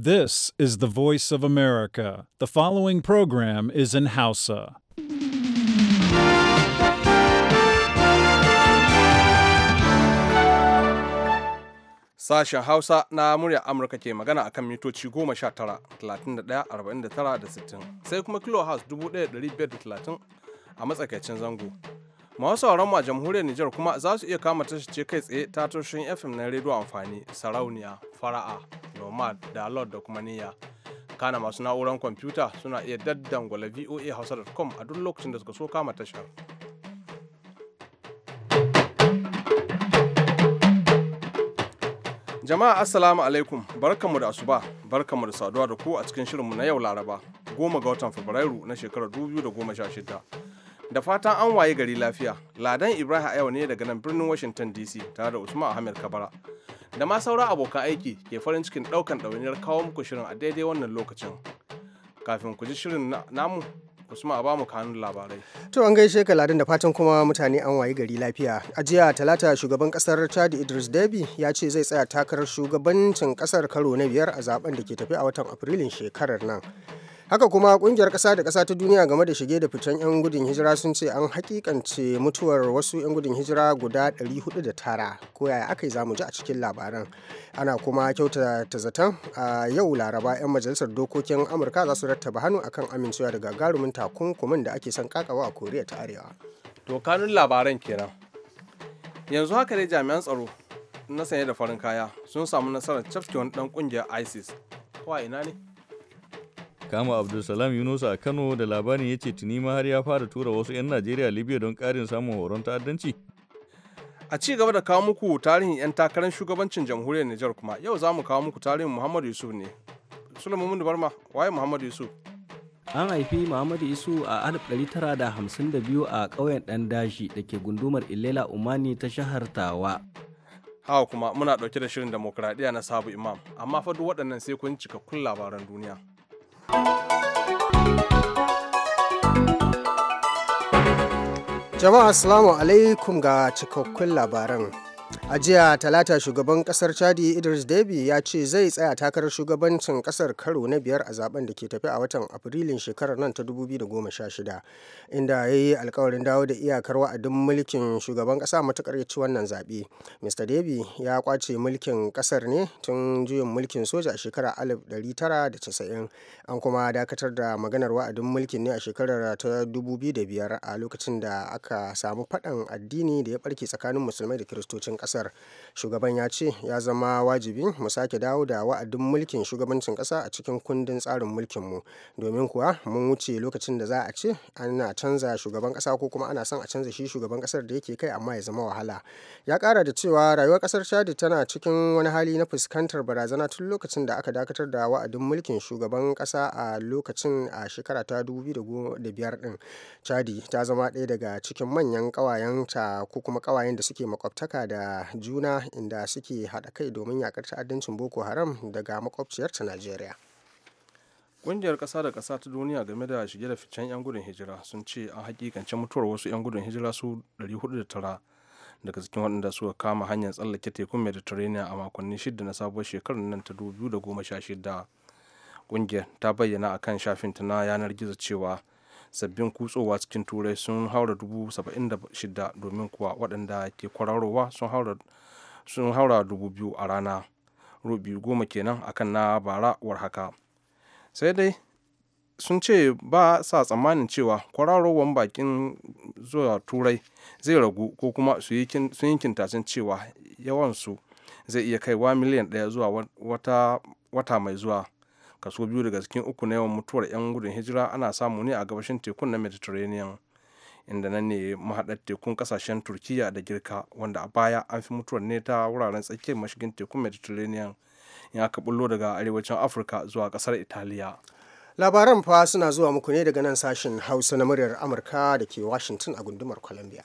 This is the voice of America. The following program is in Hausa. Sashen Hausa na murya Amurka ke magana akan mitoci 19, sai kuma kilohertz 1530 a matsakaicin zango. masu sauranmu a jamhuriyar Nijar kuma za su iya kama ce kai tsaye ta tashoshin FM na rediyo amfani sarauniya fara'a nomad da lord da kuma niyya kana masu na'uran kwamfuta suna iya daddan daddangwala voa hausa.com a duk lokacin da suka so kama tashar jama'a assalamu alaikum barkanmu da asuba barkanmu da saduwa da ku a cikin shirinmu na yau laraba goma ga watan fabrairu na shekarar 2016 da fatan an waye gari lafiya ladan ibrahim ayawa ne daga nan birnin washington dc tare da usman ahmed kabara da ma sauran abokan aiki ke farin cikin daukan ɗawainiyar kawo muku shirin a daidai wannan lokacin kafin ku ji shirin namu Usman a bamu kanun labarai. To an gaishe ka ladan da fatan kuma mutane an wayi gari lafiya. A jiya talata shugaban kasar Chad Idris debi ya ce zai tsaya takarar shugabancin kasar karo na biyar a zaben da ke tafi a watan Afrilun shekarar nan. haka kuma kungiyar kasa da kasa ta duniya game da shige da fitan 'yan gudun hijira sun ce an hakikance mutuwar wasu 'yan gudun hijira guda 409 ko yaya aka yi zamu ji a cikin labaran ana kuma kyauta ta zaton a yau laraba 'yan majalisar dokokin amurka za su rattaba hannu akan amincewa da gagarumin takunkumin da ake son kakawa a koriya ta arewa to kanun labaran kenan yanzu haka dai jami'an tsaro na sanye da farin kaya sun samu nasarar cafke wani dan kungiyar isis ko ina ne kama abdulsalam yunusa a kano da labarin ya ce tuni ma har ya fara tura wasu 'yan najeriya libya don karin samun horon ta'addanci a ci gaba da kawo muku tarihin 'yan takarar shugabancin jamhuriyar nijar kuma yau za mu kawo muku tarihin muhammadu yusuf ne haifi barma waye muhammadu yusuf an haifi muhammadu isu a 1952 a ƙauyen ɗan dashi da ke gundumar ilela umani ta shahar tawa hawa kuma muna ɗauke da shirin demokradiyya na sabu imam amma fa duk waɗannan sai kun cika kun labaran duniya Jama'a Assalamu alaikum ga cikakkun labaran. a jiya talata shugaban kasar chadi idris deby ya ce zai tsaya takarar shugabancin kasar karo na biyar a zaben da ke tafi a watan afrilun shekarar nan ta 2016 inda ya yi alkawarin dawo da iyakar wa'adin mulkin shugaban kasa matukar ya ci wannan zaɓe mr deby ya kwace mulkin kasar ne tun juyin mulkin soja a shekarar 1990 an kuma dakatar da maganar wa'adin mulkin ne a shekarar ta 2005 a lokacin da aka samu faɗan addini da ya barke tsakanin musulmai da kiristocin kasar ƙasar shugaban ya ce ya zama wajibi mu sake dawo da wa'adin mulkin shugabancin kasa a cikin kundin tsarin mulkinmu domin kuwa mun wuce lokacin da za a ce ana canza shugaban kasa ko kuma ana son a canza shi shugaban kasar da yake kai amma ya zama wahala ya kara da cewa rayuwar kasar chadi tana cikin wani hali na fuskantar barazana tun lokacin da aka dakatar da wa'adin mulkin shugaban kasa a lokacin a shekara ta 2005 din chadi ta zama ɗaya daga cikin manyan ƙawayenta ko kuma ƙawayen da suke makwabtaka da juna inda suke haɗa kai domin yakar ta'addancin boko haram daga makwabciyarta najeriya ƙungiyar ƙasa da ƙasa ta duniya game da shige da ficen 'yan gudun hijira sun ce an hakikance mutuwar wasu 'yan gudun hijira su 409 daga cikin waɗanda suka kama hanyar tsallake tekun mediterranean a makonni shida na sabuwar shekarar nan ta 2016 ƙungiyar ta bayyana a kan ta na yanar gizo cewa sabbin kutsowa cikin turai sun haura dubu saba'in da shida domin kuwa waɗanda ke kwararowa sun haura dubu biyu a rana rubi goma kenan akan na bara war haka sai dai sun ce ba sa tsammanin cewa kwararowar bakin zuwa turai zai ragu ko kuma sun yi kintacin cewa yawansu zai iya kaiwa miliyan ɗaya zuwa wata mai zuwa kaso biyu daga cikin uku na yawan mutuwar 'yan gudun hijira ana samu ne a gabashin tekun na mediterranean inda nan ne mahaɗar tekun ƙasashen turkiya da girka wanda a baya an fi mutuwar ne ta wuraren tsakiyar mashigin tekun mediterranean in aka bullo daga arewacin afirka zuwa ƙasar italiya labaran fa suna zuwa muku ne daga nan sashen hausa na muryar amurka da ke washington a gundumar columbia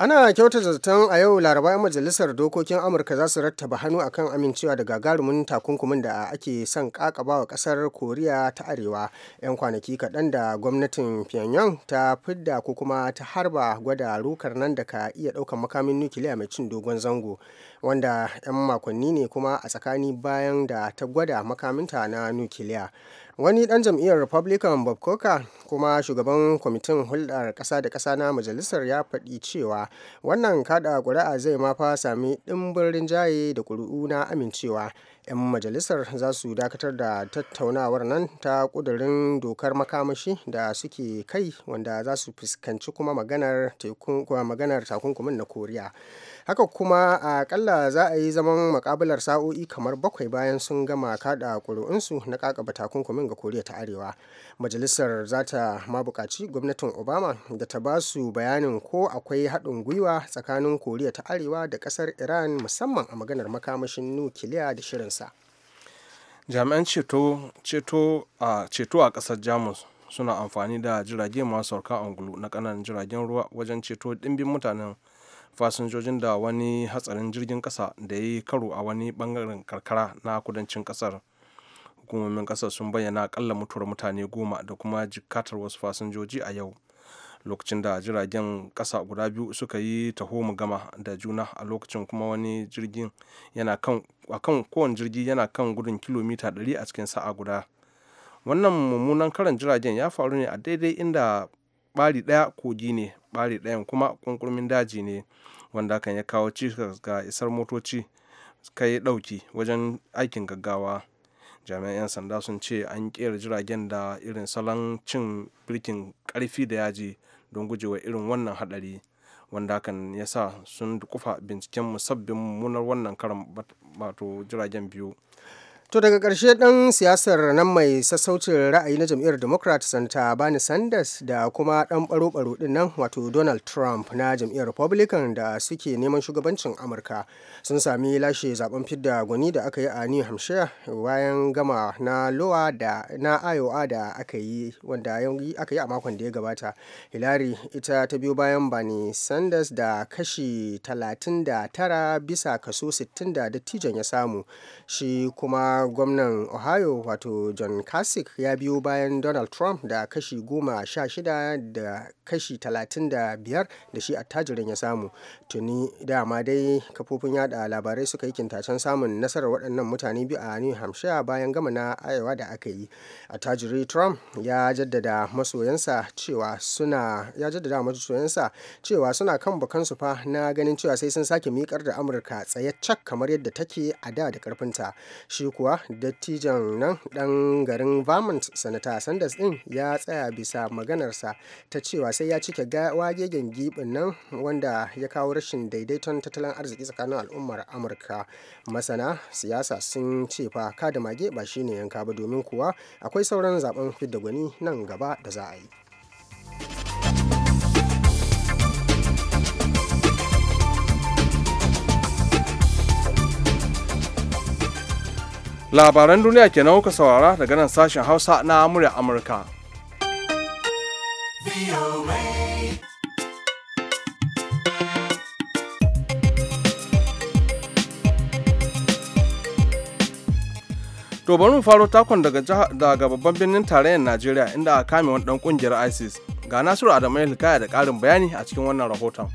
ana kyautata zaton a yau laraba 'yan majalisar dokokin amurka za su rattaba hannu akan amincewa da gagarumin takunkumin da ake son kakaba wa kasar koriya ta arewa 'yan kwanaki kaɗan da gwamnatin pyongyang ta fidda ko kuma ta harba gwada rukar nan da ka iya ɗaukar makamin nukiliya mai cin dogon zango wanda 'yan makonni ne kuma a tsakani bayan da ta gwada makaminta na nukiliya wani dan jam'iyyar republican bob coker kuma shugaban kwamitin hulɗar ƙasa da ƙasa na majalisar ya faɗi cewa wannan kada ƙuri'a zai ma fa sami ɗimbin rinjaye da ƙuri'u na amincewa 'yan majalisar za su dakatar da tattaunawar nan ta ƙudurin dokar makamashi da suke kai wanda za su fuskanci kuma maganar takunkumin na koriya haka kuma akalla za a yi zaman makabilar sa'o'i kamar bakwai bayan sun gama kada ƙuri'unsu na kakaba takunkumin ga koriya ta arewa majalisar za ta ma buƙaci gwamnatin obama da ta ba su bayanin ko akwai haɗin gwiwa tsakanin koriya ta arewa da ƙasar iran musamman a maganar makamashin nukiliya da shirinsa jami'an ceto a ƙasar jamus suna amfani da jirage masu sauka angulu na ƙananan jiragen ruwa wajen ceto dimbin mutanen fasinjojin da wani hatsarin jirgin kasa da ya yi karo a wani bangaren karkara na kudancin kasar hukumomin kasar sun bayyana akalla mutuwar mutane goma da kuma jikatar wasu fasinjoji a yau lokacin da jiragen kasa guda biyu suka yi taho gama da juna a lokacin kuma wani jirgin yana kan akan kowane jirgi yana kan gudun kilomita 100 a cikin sa'a guda wannan mummunan karan jiragen ya faru ne a daidai inda bari ɗaya kogi ne ɓari ɗayan kuma kunkurmin daji ne wanda kan ya kawo cikas ga isar motoci kai ɗauki wajen aikin gaggawa jami'an 'yan sanda sun ce an kera jiragen da irin salon cin birkin karfi da yaji don gujewa irin wannan hadari wanda kan ya sa sun kufa binciken musabbin mummunar wannan karan wato jiragen biyu To daga karshe ɗan siyasar nan mai sassaucin ra'ayi na jam'iyyar Democrat Santa bani Sanders da kuma ɗan ɓaro-ɓaro ɗin nan wato Donald Trump na jam'iyyar Republican da suke neman shugabancin Amurka sun sami lashe zaben fidda gwani da aka yi a New Hampshire bayan gama na Iowa da na Iowa da aka yi wanda aka yi a makon da ya gabata. Hillary ita ta biyo bayan bani Sanders da kashi 39 bisa kaso 60 da dattijon ya samu. Shi kuma gwamnan ohio wato john kasich ya biyo bayan donald trump da kashi goma sha shida da kashi talatin da biyar da shi attajirin ya samu tuni dama dai kafofin yada labarai suka yi kintacen samun nasarar waɗannan mutane biyu a new hampshire bayan gama na ayawa da aka yi attajiri trump ya jaddada masoyansa cewa suna ya jaddada masoyansa cewa suna kan bakansu fa na ganin cewa sai sun sake miƙar da amurka tsaye cak kamar yadda take a da da karfinta shi kuwa cewa dattijon nan dan garin vermont sanata sanders ɗin ya tsaya bisa maganarsa ta cewa sai ya cike wagegen gibin nan wanda ya kawo rashin daidaiton tattalin arziki tsakanin al'ummar amurka masana siyasa sun ce fa kada mage ba shine yanka ba domin kuwa akwai sauran zaben fidda gwani nan gaba da za a yi labaran duniya ke kenan kuka saurara daga nan sashen hausa na murya amurka To mu faro takon daga babban birnin tarayyar Najeriya inda a kame wani dan kungiyar ISIS. Ga Nasiru Adamu Hilkaya da ƙarin bayani a cikin wannan rahoton.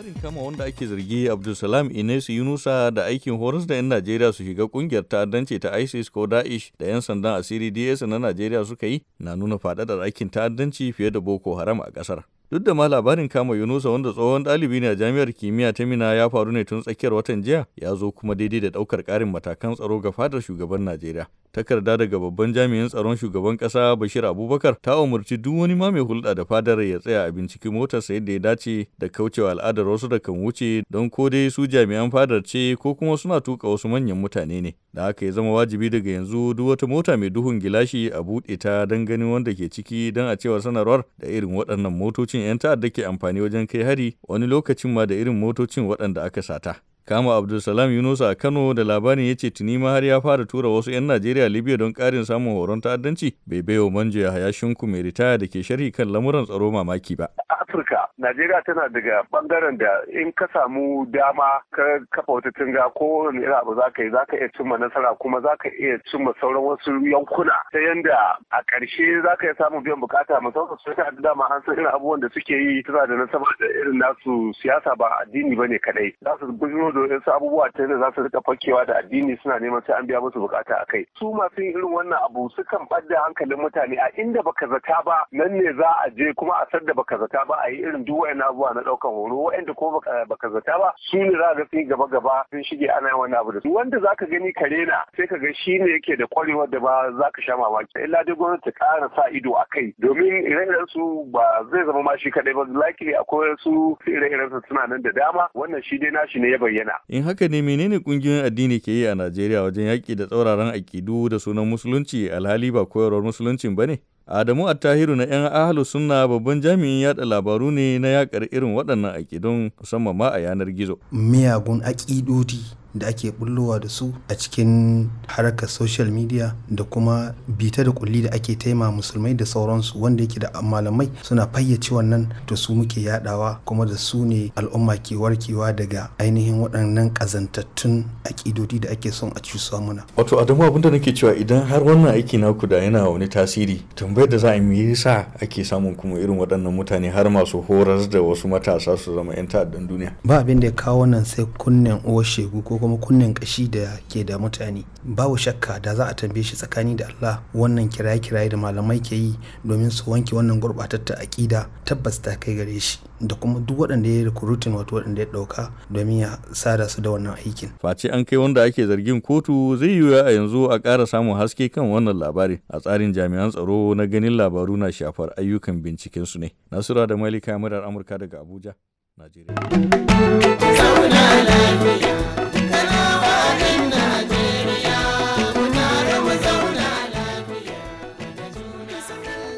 labarin kama wanda ake zargi abdulsalam ines yunusa da aikin horas da 'yan najeriya su shiga kungiyar ta'addanci ta isis ko daesh da 'yan sandan asiri ds na najeriya suka yi na nuna faɗaɗar aikin ta'addanci fiye da boko haram a ƙasar Duk da ma labarin kama Yunusa wanda tsohon ɗalibi ne a jami'ar kimiyya ta Mina ya faru ne tun tsakiyar watan jiya ya zo kuma daidai da ɗaukar ƙarin matakan tsaro ga fadar shugaban Najeriya. Takarda daga babban jami'in tsaron shugaban ƙasa Bashir Abubakar ta umarci duk wani ma mai hulɗa da fadar ya tsaya a binciki motarsa yadda ya dace da kaucewa al'adar wasu da kan wuce don ko dai su jami'an fadar ce ko kuma suna tuka wasu manyan mutane ne. Da haka ya zama wajibi daga yanzu duk wata mota mai duhun gilashi a buɗe ta don ganin wanda ke ciki don a cewar sanarwar da irin waɗannan motocin motocin 'yan ta'adda ke amfani wajen kai hari wani lokacin ma da irin motocin waɗanda aka sata. kama abdulsalam yunusa a kano da labarin ya ce tuni ma har ya fara tura wasu 'yan najeriya libya don ƙarin samun horon ta'addanci bai baiwa manjo ya hayashinku mai ritaya da ke sharhi kan lamuran tsaro mamaki ba afirka najeriya tana daga bangaren da in ka samu dama ka kafa wata tunga ko wani irin abu za ka yi za ka iya cimma nasara kuma za ka iya cimma sauran wasu yankuna ta yanda a ƙarshe za ka iya samun biyan bukata musamman su ta da dama an san irin abubuwan da suke yi tana da nasaba da irin nasu siyasa ba addini ba ne kadai za su gudunar da wasu abubuwa ta yadda za su rika fakewa da addini suna neman sai an biya musu bukata a kai su masu irin wannan abu sukan ɓadda hankalin mutane a inda baka zata ba nan ne za a je kuma a sadda baka zata ba a yi irin duk wa'annan abubuwa na ɗaukan horo wa'anda ko baka zata ba su ne za ga sai gaba gaba sun shige ana wani abu da su wanda za ka gani kare na sai ka ga shi ne yake da kwarewar da ba za ka sha mamaki illa dai gwamnati ta ƙara sa ido a kai domin ire-iren su ba zai zama ma shi kaɗai ba likely akwai su ire-iren su suna nan da dama wannan shi dai nashi ne ya bayyana. in haka ne menene kungiyoyin addini ke yi a najeriya wajen yaƙi da tsauraran aƙidu da sunan musulunci alhali ba koyarwar musuluncin ba ne? Adamu Attahiru na 'yan Ahlus suna babban jami'in yada labaru ne na yakar irin waɗannan aƙidun musamman ma a yanar gizo. Miyagun aƙidodi da ake bullowa da su a cikin harkar social media da kuma bita da kulli da ake taima musulmai da sauransu wanda yake da malamai suna fayyace wannan to su muke yadawa kuma da su ne al'umma ke warkewa daga ainihin waɗannan ƙazantattun aƙidodi da ake son a cusa muna. wato adamu abinda nake cewa idan har wannan aiki naku da yana wani tasiri tambayar da za a yi sa ake samun kuma irin waɗannan mutane har masu horar da wasu matasa su zama 'yan ta'addan duniya. ba abin da ya kawo nan sai kunnen uwar shegu ko kuma kunnen kashi da ke da mutane babu shakka da za a tambaye shi tsakani da Allah wannan kiraye-kiraye da malamai ke yi domin su wanke wannan ta akida tabbas ta kai gare shi da kuma duk waɗanda ya rikurutin wato waɗanda ya ɗauka domin ya sada su da wannan aikin. Face an kai wanda ake zargin kotu zai yiwu a yanzu a ƙara samun haske kan wannan labari a tsarin jami'an tsaro na ganin labaru na shafar ayyukan binciken su ne. Nasura da Malika Murar Amurka daga Abuja, Najeriya.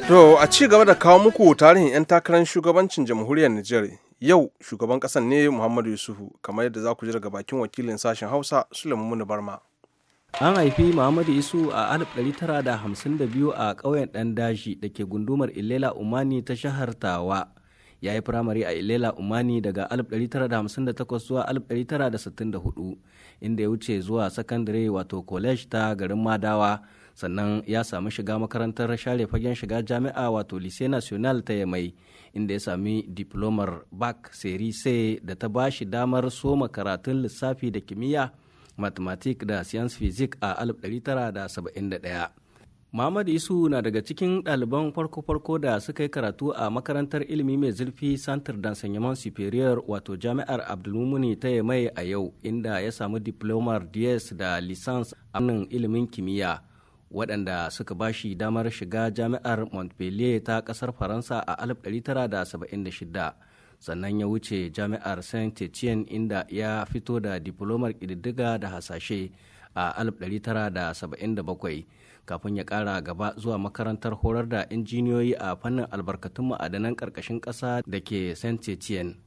To a ci gaba da kawo muku tarihin 'yan takarar shugabancin jamhuriyar Nijar yau shugaban kasan ne Muhammadu Yusufu kamar yadda za ku ji daga bakin wakilin sashen Hausa Suleiman munu Barma. An haifi Muhammadu Isu a 1952 a ƙauyen ɗan daji da ke gundumar Ilela Umani ta shahar Tawa. ya yi firamare a ilela umani daga 1958 zuwa 1964 inda ya wuce zuwa sakandare wato college ta garin madawa sannan ya sami shiga makarantar share fagen shiga jami'a wato lycée national ta yamai inda ya sami diplomar bak sai da ta ba shi damar soma karatun lissafi da kimiyya mathematics da science physics a 1971 Muhammad Isu na daga cikin ɗaliban farko-farko da suka yi karatu a makarantar ilimi mai zurfi Santar d'enseignement superior wato jami'ar Abdulmumuni ta yemai a yau inda ya samu diplomar DS da lisans a ilimin kimiyya waɗanda suka ba shi damar shiga jami'ar Montpellier ta ƙasar Faransa a 1976. sannan ya wuce jami'ar saint etienne inda ya fito da diplomar ƙididdiga da hasashe a 1977 kafin ya ƙara gaba zuwa makarantar horar da injiniyoyi a fannin albarkatun ma'adanan ƙarƙashin ƙasa da ke saint etienne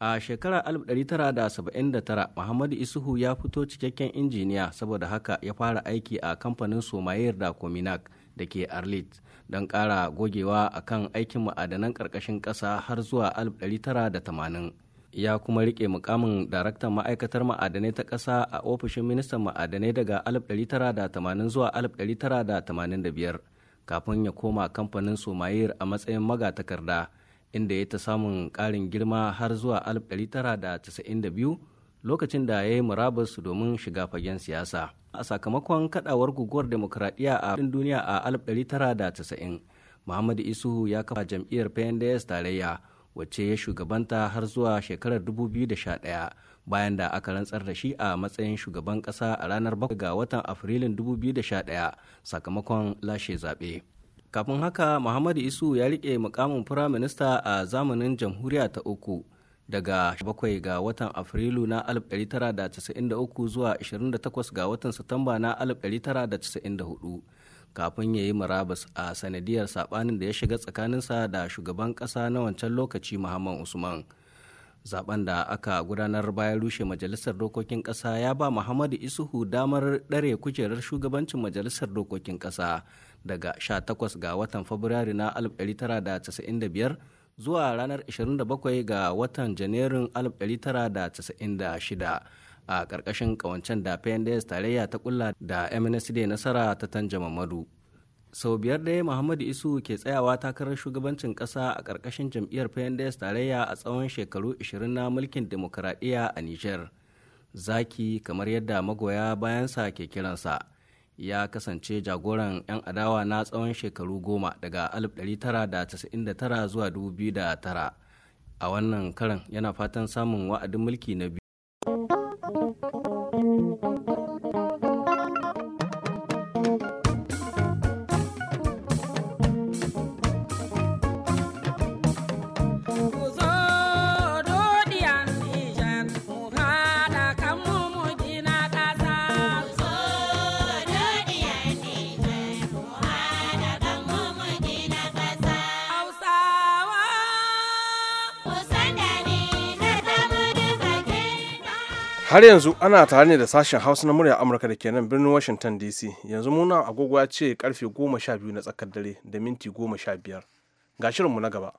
a shekarar 1979 muhammadu isuhu ya fito cikakken injiniya saboda haka ya fara aiki a kamfanin somayir da kominak da ke arlit don ƙara gogewa a kan aikin ma'adanan ƙarƙashin ƙasa har zuwa 1980 ya kuma riƙe mukamin daraktan ma'aikatar ma'adanai ta ƙasa a ofishin ministan ma'adanai daga 1980 zuwa 1985 kafin ya koma kamfanin somayir a matsayin magatakarda inda ya ta samun ƙarin girma har zuwa 1992 lokacin da ya yi murabus domin shiga fagen siyasa a sakamakon kadawar guguwar demokuraɗiyya a duniya a 1990 muhammadu isu ya kafa jam'iyyar pnds tarayya wacce ya shugabanta har zuwa shekarar 2011 bayan da aka rantsar da shi a matsayin shugaban ƙasa a ranar 7 ga watan afrilun 2011 sakamakon lashe zaɓe. kafin haka muhammadu isu ya rike mukamin firaminista a zamanin jamhuriya ta uku daga 7 ga watan afrilu na 1993 zuwa 28 ga watan satamba na 1994 kafin ya yi murabus a sanadiyar sabanin da ya shiga tsakaninsa da shugaban kasa na wancan lokaci muhammad usman zaben da aka gudanar bayan rushe majalisar dokokin kasa ya ba muhammadu isuhu damar dare kujerar shugabancin majalisar dokokin kasa daga 18 ga watan fabrairu na 1995 zuwa ranar 27 ga watan janairun 1996 a ƙarƙashin ƙawancen da pnds tarayya ta kulla da mnsd nasara ta tanja mamadu sau biyar dai muhammadu isu ke tsayawa takarar shugabancin ƙasa a ƙarƙashin jam'iyyar pnds tarayya a tsawon shekaru 20 na mulkin demokuraɗiyya a niger zaki kamar yadda magoya bayansa ke kiransa ya kasance jagoran 'yan adawa na tsawon shekaru goma daga 1999 zuwa 2009 a wannan karan yana fatan samun wa'adin mulki na biyu har yanzu ana tare ne da sashen hausa na murya amurka da kenan birnin washington dc yanzu muna agogo ya ce karfe 12 na tsakar dare da minti 15 ga shirinmu na gaba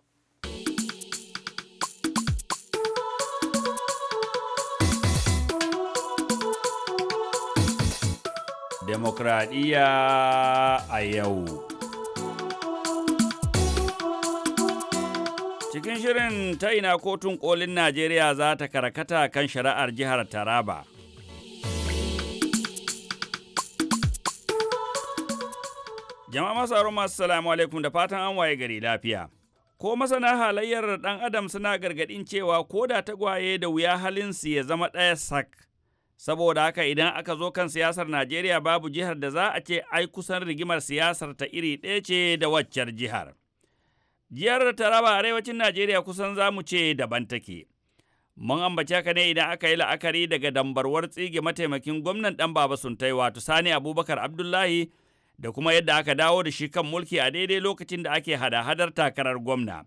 demokradiyya a yau Cikin shirin ta ina kotun kolin Najeriya za ta karakata kan shari'ar jihar Taraba. Jama'a masu aron masu salamu alaikum da fatan an waye gari lafiya. Ko masana halayyar ɗan Adam suna gargaɗin cewa ko da tagwaye da wuya halin su ya zama ɗaya sak. saboda haka idan aka zo kan siyasar Najeriya babu jihar da za a ce ai kusan rigimar siyasar ta iri ɗaya ce da waccar jihar. Jihar Taraba arewacin Najeriya kusan za mu ce daban take. Mun ambace ka ne idan aka yi la'akari daga dambarwar tsige mataimakin gwamnan ɗan Baba Suntai wato Sani Abubakar Abdullahi da kuma yadda aka dawo da shi kan mulki a daidai lokacin da ake hada-hadar takarar gwamna.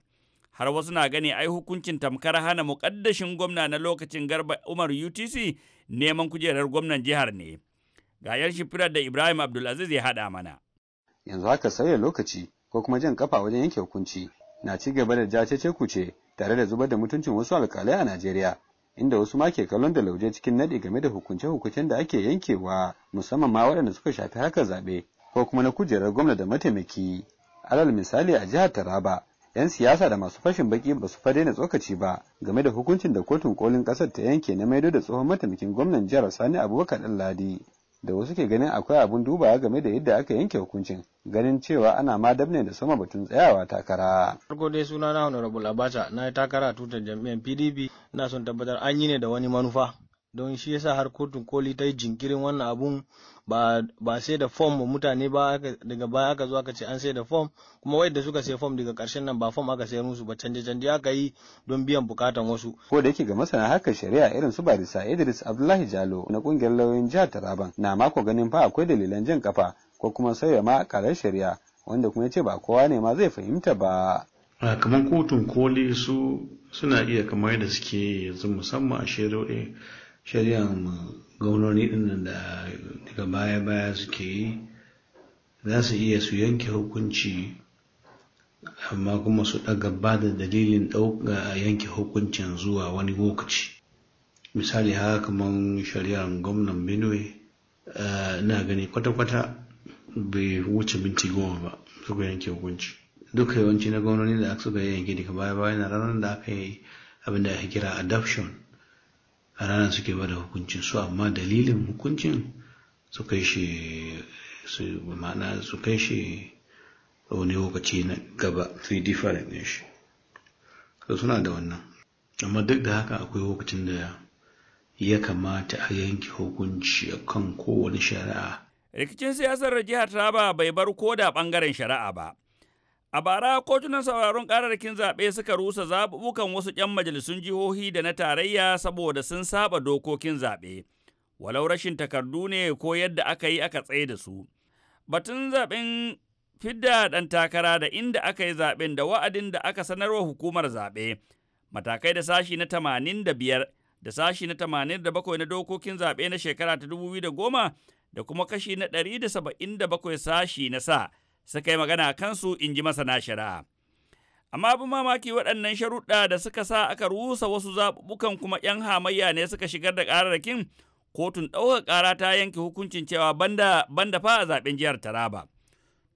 Har wasu na gani ai hukuncin tamkar hana muƙaddashin gwamna na lokacin Garba Umar UTC neman kujerar gwamnan jihar ne. Ga shifirar da Ibrahim Abdulaziz ya haɗa mana. Yanzu haka sauya lokaci ko kuma jan kafa wajen yanke hukunci na ci gaba da jacece kuce tare da zubar da mutuncin wasu alkalai a Najeriya inda wasu ma ke kallon da lauje cikin nadi game da hukunce-hukuncen da ake yankewa musamman ma waɗanda suka shafi haka zaɓe ko kuma na kujerar gwamna da mataimaki alal misali a jihar Taraba 'yan siyasa da masu fashin baki ba su daina tsokaci ba game da hukuncin da kotun kolin ƙasar ta yanke na maido da tsohon mataimakin gwamnan jihar sani abubakar Ladi. da wasu ke ganin akwai abun dubawa game da yadda aka yanke hukuncin ganin cewa ana ma dabne da sama batun tsayawa takara. Farko dai suna na Honorable Abacha na yi takara tutar jam'iyyar PDP na son tabbatar an yi ne da wani manufa don shi yasa har kotun koli ta yi jinkirin wannan abun ba sai da fom ba mutane ba daga baya aka zo aka ce an sai da fom kuma wai suka sai fom daga karshen nan ba fom aka sayar musu ba canje canje aka yi don biyan bukatan wasu ko da yake ga masana haka shari'a irin su barisa Idris Abdullahi Jalo na kungiyar lauyoyin jihar Taraban na mako ganin fa akwai dalilan jan kafa ko kuma sauya ma karar shari'a wanda kuma yace ba kowa ne ma zai fahimta ba kamar kotun koli su suna iya kamar da suke yanzu musamman a shari'o'i shari'an gwamnoni ɗinnan da daga baya-baya suke yi za su iya su yanke hukunci amma kuma su ɗaga ba da dalilin ɗauka yanke hukuncin zuwa wani lokaci misali haka kamar shari'ar gwamnan benue eh, na gani kwata-kwata bai wuce minti goma ba suka yanke hukunci Duk yawanci na gwamnoni da suka yanke daga baya-baya na ranar da aka yi abin da ake kira adoption a ranar suke ba da hukuncin su amma dalilin hukuncin su kai shi su ma'ana su kai shi wani lokaci na gaba sai different ne shi suna da wannan amma duk da haka akwai lokacin da ya kamata a yanke hukunci a kan kowane shari'a rikicin siyasar jihar taraba bai bar ko da bangaren shari'a ba A bara kotunan sauraron kararrakin zaɓe suka rusa zaɓuɓɓukan wasu 'yan majalisun jihohi da na tarayya saboda sun saba dokokin zaɓe. Walau rashin takardu ne ko yadda aka yi aka tsaye da su. Batun zaɓen fidda ɗan takara da inda aka yi zaɓen da wa'adin da aka sanarwa hukumar zaɓe. Matakai da sashi na tamanin da biyar da sashi na tamanin da bakwai na dokokin zaɓe na shekara ta dubu biyu da goma da kuma kashi na ɗari da saba'in da bakwai sashi na sa. suka yi magana kansu in ji masana shari'a. Amma abin mamaki waɗannan sharuɗa da suka sa aka rusa wasu zaɓuɓɓukan kuma 'yan hamayya ne suka shigar da ƙararrakin kotun ɗaukar ƙara ta yanke hukuncin cewa banda, banda fa a zaɓen jihar Taraba.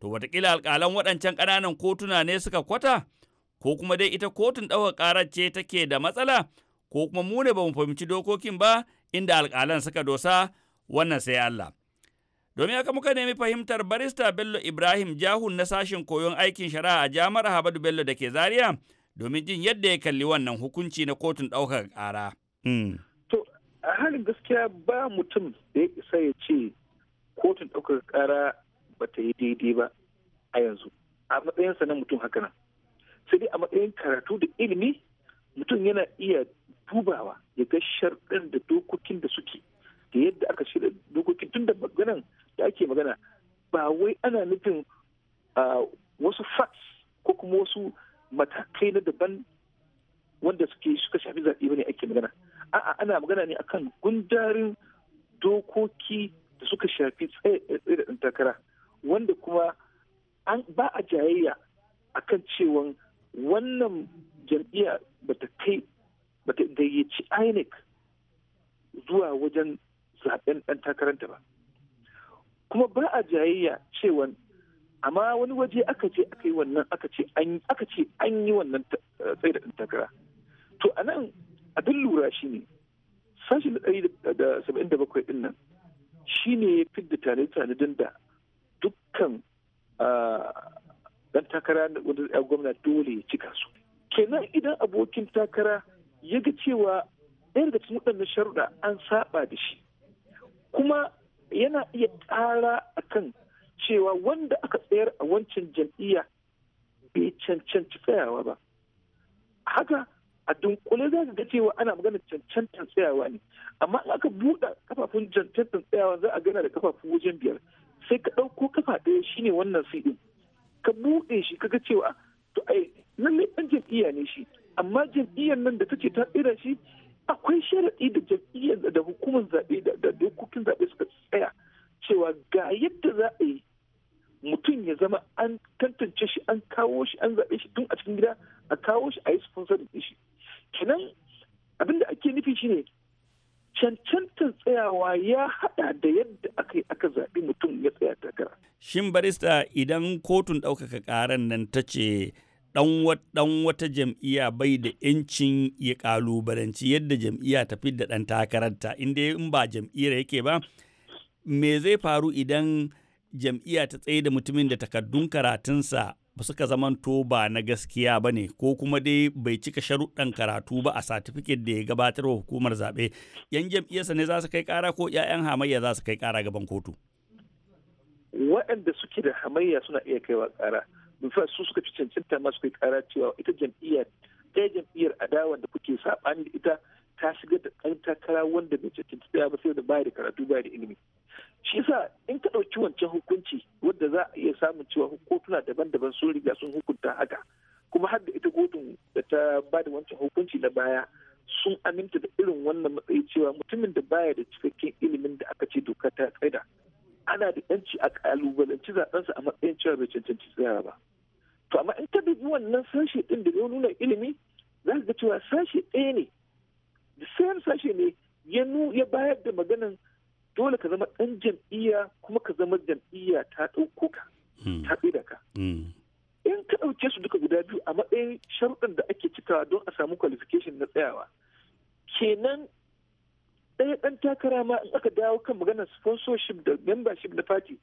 To wataƙila alƙalan waɗancan ƙananan kotuna ne suka kwata ko kuma dai ita kotun ɗaukar ƙarar ce take da matsala ko kuma mu ne ba mu fahimci dokokin ba inda alƙalan suka dosa wannan sai Allah. Domin aka muka nemi fahimtar barista Bello Ibrahim Jahun na sashen koyon aikin shari'a a jami'ar Habadu Bello da ke Zaria domin jin yadda ya kalli wannan hukunci na kotun ɗaukar ƙara. Hmm. To, a halin gaskiya ba mutum da ya isa ya ce kotun ɗaukar ƙara ba ta yi daidai ba a yanzu. A matsayinsa na mutum haka nan. Sai dai a matsayin karatu da ilimi mutum yana iya dubawa ya ga sharɗin da dokokin da suke da yadda aka shirya dokokin tun da maganan ake magana ba wai ana nufin wasu facts ko kuma wasu matakai na daban wanda suke suka shafi zaɓe ba ne ake magana a'a ana magana ne akan gundarin dokoki da suka shafi tsaye da takara wanda kuma an ba a jayayya akan cewa wannan jam'iyya ta kai bata gayyaci inec zuwa wajen zaɓen ɗan takaranta ba kuma ba a jayayya cewa amma wani waje aka ce aka yi wannan aka ce an yi wannan eh, tsaye da takara to a nan abin lura shi ne sashi na ɗari da saba'in da bakwai ɗin nan shi ne fidda fi da dukkan dan ah, takara wanda ya gwamna dole ya cika su kenan idan abokin takara ya ga cewa ɗaya daga cikin waɗannan sharuɗa an saba da shi kuma yana iya a kan cewa wanda aka tsayar a wancan jam'iyya bai cancanci tsayawa ba haka a dunkule za ga cewa ana magana cancantan tsayawa ne amma in aka buɗe kafafun cancantan tsayawa za a gana da kafafun wajen biyar sai ka ɗauko kafa ɗaya shine wannan sai ka buɗe shi ka ga cewa to ai nan ne ɗan jam'iyya ne shi amma jam'iyyar nan da take ta tsira shi akwai sharaɗi da jam'iyyar da hukumar zaɓe da dokokin zaɓe suka tsaya cewa ga yadda za a yi mutum ya zama an tantance shi an kawo shi an zaɓe shi tun a cikin gida a kawo shi a yi sponsor da shi kenan abinda ake nufi shine cancantar tsayawa ya haɗa da yadda aka yi aka zaɓi mutum ya tsaya takara. Shin barista idan kotun ɗaukaka ƙaran nan ta ce ɗan wata jam'iyya bai da ‘yancin ya ƙalubalanci yadda jam'iyya ta da ɗan takararta inda in ba jam'iyyar yake ba me zai faru idan jam'iyya ta tsaye da mutumin da takardun karatunsa ba suka zamanto ba na gaskiya ba ne ko kuma dai bai cika sharuɗan karatu ba a satifiket da ya gabatar wa hukumar zaɓe yan jam'iyyarsa ne za su kai ƙara ko 'ya'yan hamayya za su kai ƙara gaban kotu waɗanda suke da hamayya suna iya kaiwa ƙara su suka fi cancanta masu suka yi kara cewa ita jam'iyyar ta jam'iyyar adawa da kuke saɓani da ita ta shiga da ɗan takara wanda bai cancanta ba sai da baya da karatu baya da ilimi shi yasa in ka ɗauki wancan hukunci wadda za a iya samun cewa kotuna daban-daban sun riga sun hukunta haka kuma har da ita kotun da ta ba da wancan hukunci na baya sun aminta da irin wannan matsayi cewa mutumin da baya da cikakken ilimin da aka ce doka ta tsaida ana da yanci a kalubalanci zaɓensa a matsayin cewa bai cancanci tsaya ba to amma in ta dubi wannan sashe ɗin da ya nuna ilimi za ka ga cewa sashe ɗaya ne da sayar sashe ne ya ya bayar da maganin dole ka zama ɗan jam'iyya kuma ka zama jam'iyya ta ɗauko hmm. ka ta da ka in ka ɗauke su duka guda biyu a matsayin sharuɗin da ake cikawa don a samu qualification na tsayawa kenan ɗaya ɗan takara ma in aka dawo kan maganar sponsorship da membership na party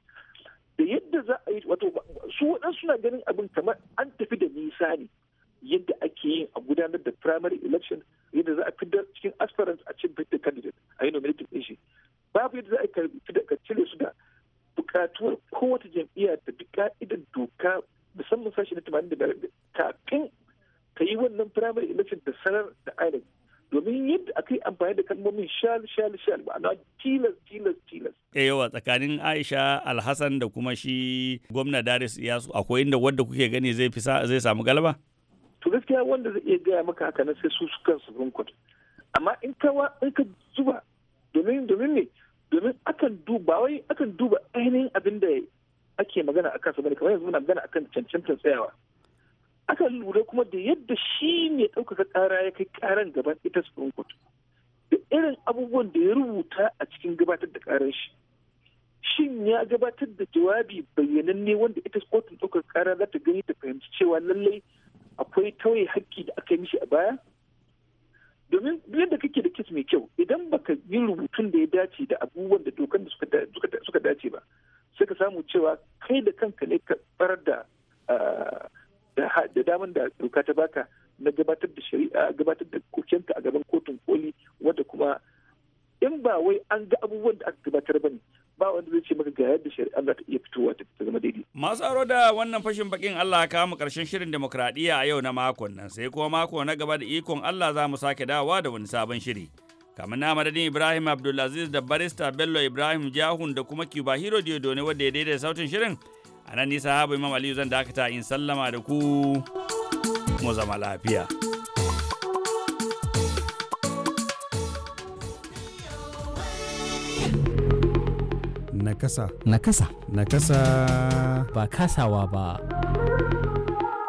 da yadda za a yi wato su waɗansu suna ganin abin kamar an tafi da nisa ne yadda ake yin a gudanar da primary election yadda za a da cikin aspirant a cikin fidda candidate a yi nominating din shi babu yadda za a fidda ka cire su da bukatuwar kowace jam'iyya ta bi ka'idar doka musamman sashi na 85 kafin ka yi wannan primary election da sanar da INEC domin yadda aka yi amfani da kalmomin shal shal shal ma'ana tilas tilas tilas. E yawa tsakanin Aisha Alhassan da kuma shi gwamna Daris Iyasu akwai inda wadda kuke gani zai fi zai samu galaba? To gaskiya wanda zai iya gaya maka haka na sai su su kansu Supreme Amma in ka in ka zuba domin domin ne domin akan duba wai akan duba ainihin abin da ake magana akan su bane kamar yanzu muna magana akan cancantar tsayawa. aka lura kuma da yadda shi ne ɗaukaka ƙara ya kai ƙaran gaban ita supreme court Duk irin abubuwan da ya rubuta a cikin gabatar da ƙarar shi shin ya gabatar da jawabi bayyananne wanda ita kotun ɗaukar ƙara za ta gani ta fahimci cewa lallai akwai tauye hakki da aka yi mishi a baya domin yadda kake da kit mai kyau idan baka yi rubutun da ya dace da abubuwan da dokan da suka dace ba sai ka samu cewa kai da kanka ne ka barar da ah, da daman da doka ta baka na gabatar da shari'a gabatar da kokenta a gaban kotun koli wadda kuma in ba wai an ga abubuwan da aka gabatar ba ne ba wanda zai ce maka ga yadda shari'a za ta iya fitowa ta zama daidai. Masu aro da wannan fashin bakin Allah ka mu karshen shirin demokradiyya a yau na makon nan sai kuma mako na gaba da ikon Allah za mu sake dawowa da wani sabon shiri. kamar na madadin Ibrahim Abdulaziz da barista Bello Ibrahim Jahun da kuma Cuba Hero Diodone wadda ya daidai sautin shirin anan nan nisa habu imam aliyu zan dakata in sallama da ku mu zama lafiya nakasa nakasa nakasa ba kasawa ba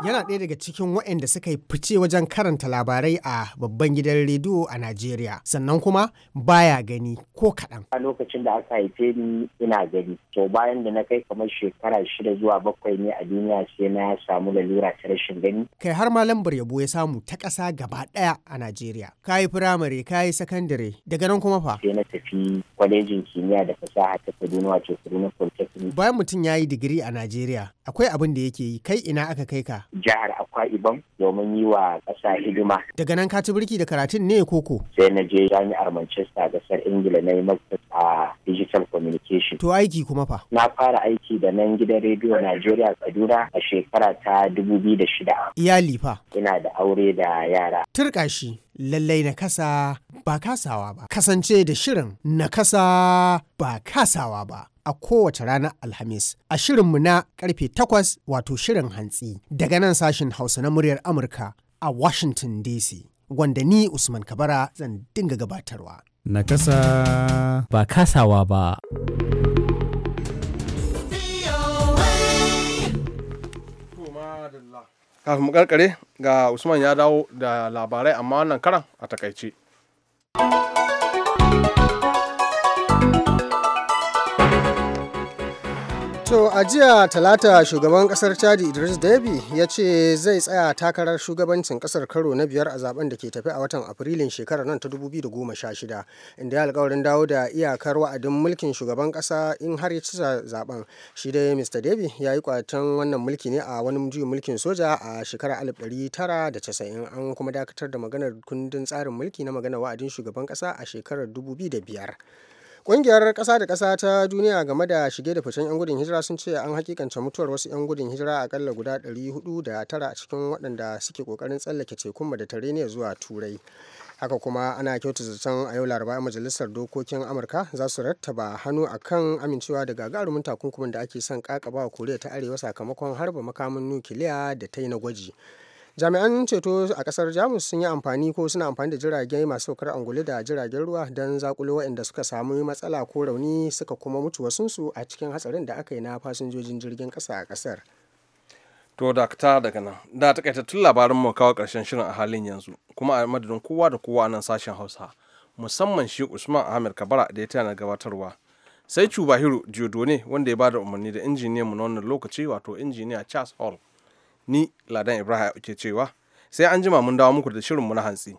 yana ɗaya daga cikin waɗanda suka yi fice wajen karanta labarai a babban gidan rediyo a Najeriya sannan kuma baya gani ko kaɗan. A lokacin da aka haife ni ina gani to bayan da na kai kamar shekara shida zuwa bakwai ne a duniya sai na samu lalura ta rashin gani. Kai har ma lambar yabo ya samu ta ƙasa gaba ɗaya a Najeriya. Ka yi firamare ka yi sakandare daga nan kuma fa. Sai na tafi kwalejin kimiyya da fasaha ta Kaduna wato Kaduna Polytechnic. Bayan mutum ya yi digiri a Najeriya akwai abin da yake yi kai ina aka kai ka jihar Akwa Ibom domin yi wa ƙasa hidima. Daga nan ka ci birki da karatun ne koko? Sai na je jami'ar Manchester gasar Ingila na yi a digital communication. To aiki kuma fa? Na fara aiki da nan gidan rediyo Najeriya Kaduna a shekara ta dubu biyu da shida. Iyali fa? Ina da aure da yara. Turka lallai na kasa ba kasawa ba kasance da shirin na kasa ba kasawa ba a kowace ranar alhamis a shirinmu na karfe takwas wato shirin hantsi daga nan sashin hausa na muryar amurka a washington dc wanda ni usman kabara zan dinga gabatarwa na kasa ba kasawa ba kafin mu karkare ga usman ya dawo da labarai amma wannan karan a takaice. To a jiya talata shugaban kasar Chadi Idris Deby ya ce zai tsaya takarar shugabancin kasar karo na biyar a zaben da ke tafi a watan Afrilun shekarar nan ta 2016 inda ya alkawarin dawo da iyakar wa'adin mulkin shugaban kasa in har ya ci zaben. Shi dai Mr. Deby ya yi kwatan wannan mulki ne a wani juyin mulkin soja a shekarar 1990 an kuma dakatar da maganar kundin tsarin mulki na maganar wa'adin shugaban kasa a shekarar 2005. Ƙungiyar ƙasa da ƙasa ta duniya game da shige da ficen 'yan gudun hijira sun ce an hakikance mutuwar wasu 'yan gudun hijira akalla guda 409 a cikin waɗanda suke ƙoƙarin tsallake tekun Mediterranean zuwa Turai. haka kuma ana kyautu zaton a yau laraba majalisar dokokin amurka za su rattaba hannu a kan amincewa da gagarumin takunkumin da ake son kakaba wa koriya ta arewa sakamakon harba makamin nukiliya da ta yi na gwaji jami'an ceto a kasar jamus sun yi amfani ko suna amfani da jirage masu saukar angulu da jiragen ruwa don zakulo waɗanda suka samu matsala ko rauni suka kuma mutu wasunsu a cikin hatsarin da aka yi na fasinjojin jirgin ƙasa a kasar. to da ta daga nan da ta tun labarin mu kawo ƙarshen shirin a halin yanzu kuma a madadin kowa da kowa nan sashen hausa musamman shi usman ahmed kabara da ya tana gabatarwa sai cuba hiru ne wanda ya bada umarni da injiniyan mu na wannan lokaci wato injiniya charles hall ni Ladan Ibrahim ke cewa sai an jima mun dawo muku da shirinmu na hantsi.